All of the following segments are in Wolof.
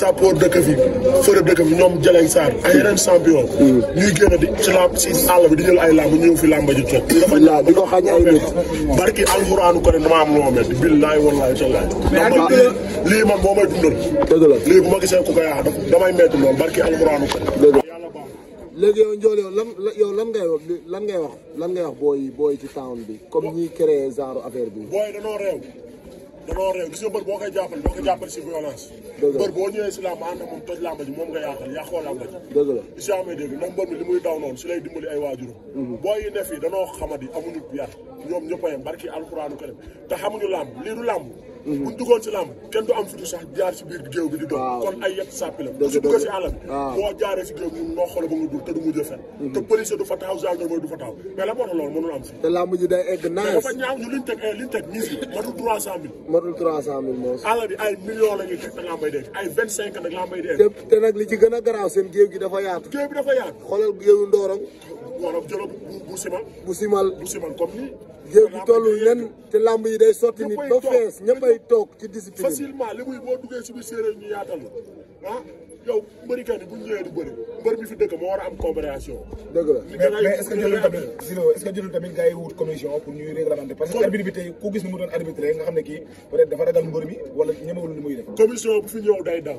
sappoor dëkk fi fërëb dëkk fi ñoom Jalle Sarr ay yeneen champion. ñuy génn di ci làmb si àll bi di jël ay làmb ñëw fi làmb ji toog. dafa ñaaw di ko xañ ay nit. barki alxuraanu ko ne damaa am lu ma lii moo may dundal. dëgg la lii bu ma gisee ku ko yaa damay métti lool barki alxuraanu ko. la léegi yow Ndiol yow lan ngay wax lan ngay wax lan ngay wax booy booy ci town bi comme ñiy créé genre affaire bi. booy danoo réew. danoo réew gis nga mbër boo koy jàppale boo ko jàppale si violence mbër boo ñëwee si làmb ànd moom toj làmb moom nga yàqal yàqoo làmb ji dëgg la dégg ndax mbër mi li muy daw noonu si lay dimbali ay waajuram mhm. boo yi ne fii danoo xamadi amuñu yar ñoom ñëpp a yem alxuraanu karim te xamuñu làmb lii du làmb Mm-hmm. Untuk duggoon ci làmb kenn du am fitu sax jaar kon ay yett sàppi la su dugg ci àll bi boo jaaree ci géew bi mun noo xool ba nga dul te du mujj fen mm-hmm. te police du fa taxaw gendarmerie du fa taxaw mais la moo tax loolu mënul am fii te làmb ji day egg naa dafa ñaaw ñu liñ teg eh, liñ teg mise bi matul trois cent mille matul trois cent mille moos àll bi ay millions la ñuy teg te làmbay bu bu bu lay toog ci discipline facilement li muy boo duggee suñu séeréer ñu yaatal ah yow mbërikat yi bu ñu ñëwee du bëri mbër bi fi dëkk moo war a am compréhension. dëgg la mais mais est ce que jëlul tamit Zilo est ce que jëlul tamit gars yi wut commission pour ñuy réglementer parce que arbitre bi tey ku gis ni mu doon arbitré nga xam ne kii peut être dafa ragal mbër mi wala ñemewul ni muy def. commission bu fi ñëw day daw.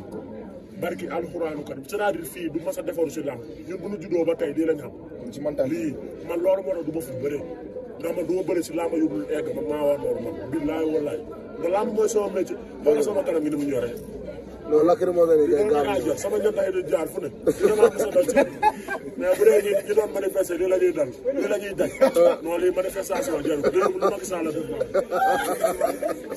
barki alxuraanu kan c'est-à-dire fii du mas a defoon si làmb ñun bu ñu juddoo ba tey lii la ñu am. ci mental lii man loolu moo tax du ma fi bëree. ndax man du ma bëri si làmb yu wallaay nga làmb mooy sama métier wala sama kanam gi ni mu ñoree non lacrymogène yi day gaaw jot sama ñett ay di jaar fu ne dama am sa dal ci mais bu dee ñi ñu doon manifester lii la ñuy la ñuy daj euh. non lii manifestation jarul lii lu Macky Sall la